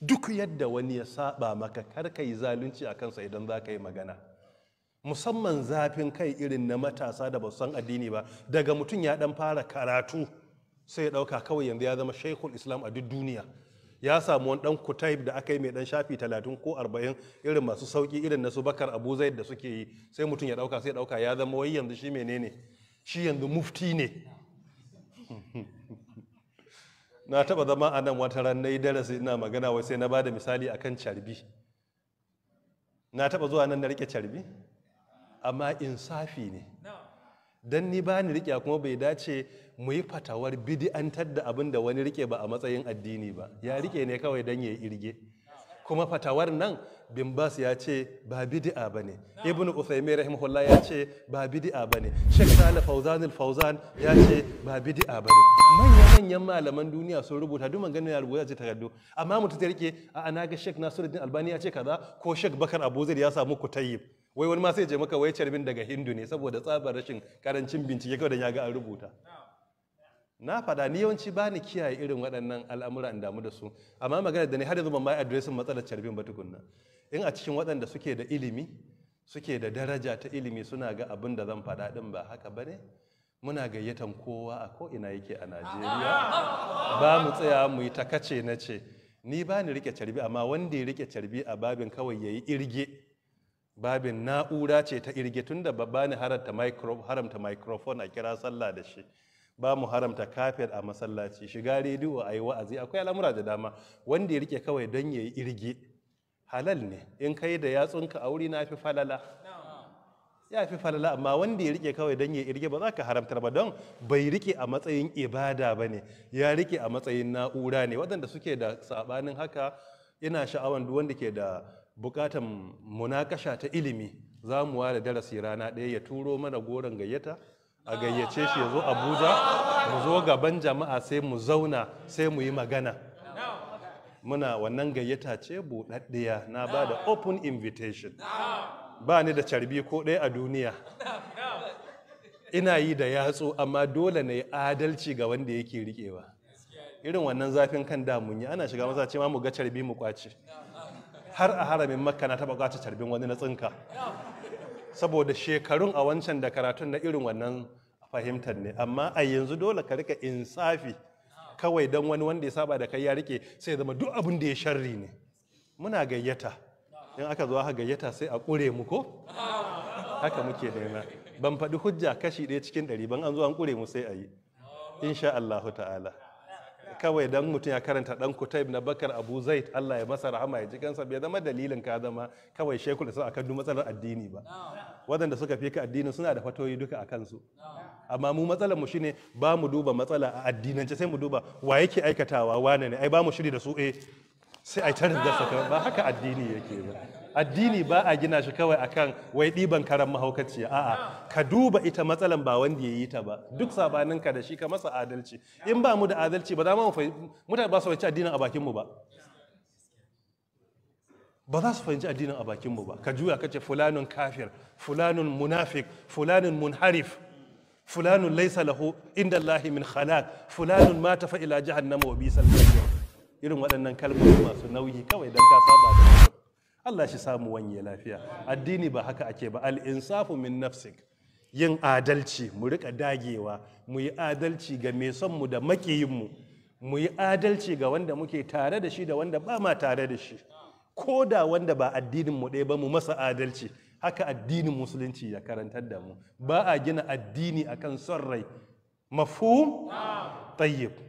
duk yadda wani ya saba maka kar ka yi zalunci a kansa idan za ka yi magana musamman zafin kai irin na matasa da ba san addini ba daga mutum ya dan fara karatu sai ya dauka kawai yanzu ya zama shaikhul islam a duk duniya ya samu wani dan kutaib da aka yi mai dan shafi 30 ko 40 irin masu sauki irin na su bakar abu zaid da suke yi sai mutum ya dauka sai ya dauka ya zama wai yanzu shi menene shi yanzu mufti ne na taba zama a nan wata ran na yi darasi ina magana wai sai na bada misali akan carbi na taba zuwa nan na rike carbi amma insafi ne dan ni ba ni rike kuma bai dace mu yi fatawar bidi'antar da abin da wani rike ba a matsayin addini ba ya rike ne kawai dan ya yi irge kuma fatawar nan bin bas ya ce ba ne. bane ibnu usaymin rahimahullah ya ce ba bid'a bane sheikh shek fawzan Fauzan fauzan ya ce ba bidi'a bane manyan manyan malaman duniya sun rubuta duk maganar ya rubuta ce takardu amma mutum zai rike a ana ga shek nasiruddin albani ya ce kaza ko shek bakar abuzir ya samu kutayyib wai wani ma sai je maka wai carbin daga hindu ne saboda tsabar rashin karancin bincike kawai da ya ga an rubuta na faɗa ni yawanci ba ni kiyaye irin waɗannan al'amura in damu da su amma magana da ni har yanzu ban ma addressin matsalar carbin ba tukunna in a cikin waɗanda suke da ilimi suke da daraja ta ilimi suna ga abin da zan faɗa din ba haka bane muna gayyatan kowa a ko ina yake a najeriya ba mu tsaya mu yi takace na ce ni ba ni rike carbi amma wanda ya rike carbi a babin kawai yayi irge babin na'ura ce ta irge tunda da babba ni haramta microphone a kira sallah da shi ba mu haramta kafir a masallaci shiga rediyo a yi wa'azi akwai al'amura da dama wanda ya rike kawai don ya yi irge halal ne in kai da yatsunka a wuri na fi falala ya fi falala amma wanda ya rike kawai don ya irge ba za ka haramtar ba don bai rike a matsayin ibada ba ne ya rike a matsayin na'ura ne waɗanda suke da saɓanin haka ina sha'awan duk wanda ke da bukatan munakasha ta ilimi za mu ware darasi rana ɗaya ya turo mana goron gayyata a gayyace shi ya zo abuja mu zo gaban jama'a sai mu zauna sai mu yi magana muna wannan gayyata ce buɗaɗɗiya na ba da open invitation ba ni da carbi ko ɗaya a duniya ina yi da yatsu amma dole na yi adalci ga wanda yake riƙewa irin wannan zafin kan damun yi ana shiga maza ce ma mu ga carbi mu kwace har a haramin makka na taɓa kwace carbin wani na tsinka saboda shekarun a wancan da karatun na irin wannan fahimtar ne amma a yanzu dole ka rika insafi kawai don wani wanda ya saba da kai ya rike sai zama duk abin da ya sharri ne muna gayyata in aka zo aka gayyata sai a ƙure mu ko haka muke nema ban faɗi hujja kashi ɗaya cikin ɗari ban an zo an kure mu sai a yi insha Allah ta'ala kawai dan mutum ya karanta dan kutaib na bakar abu zaid allah ya masa rahama ya ji kansa bai zama dalilin ka zama kawai shekul islam akan duk matsalar addini ba Wadanda suka fi ka addini suna da fatoyi duka a kansu amma mu matsalar mu shine ba mu duba matsala a addinance sai mu duba wa yake aikatawa wane ne ai ba mu shiri da su eh sai a tarin dasa kawai ba haka addini yake ba addini ba a gina shi kawai akan wai ɗiban karan mahaukaci a'a ka duba ita matsalan ba wanda ya yi ta ba duk sabanin ka da shi ka masa adalci in ba mu da adalci ba za mu mutane ba su fahimci addinin a bakin ba ba za su fahimci addinin a bakin ba ka juya ka ce fulanun kafir fulanun munafik fulanun munharif fulanun laisa lahu inda Allah min khalaq fulanun mata fa ila jahannama wa bisal irin waɗannan kalmomi masu nauyi kawai don ka saba da mutum Allah shi samu wanye lafiya addini ba haka ake ba al-insafu min nafsik yin adalci mu rika dagewa mu yi adalci ga mai son mu da makiyin mu mu yi adalci ga wanda muke tare da shi da wanda ba ma tare da shi ko da wanda ba addinin mu ɗaya ba mu masa adalci haka addinin musulunci ya karantar da mu ba a gina addini akan son rai mafhum tayyib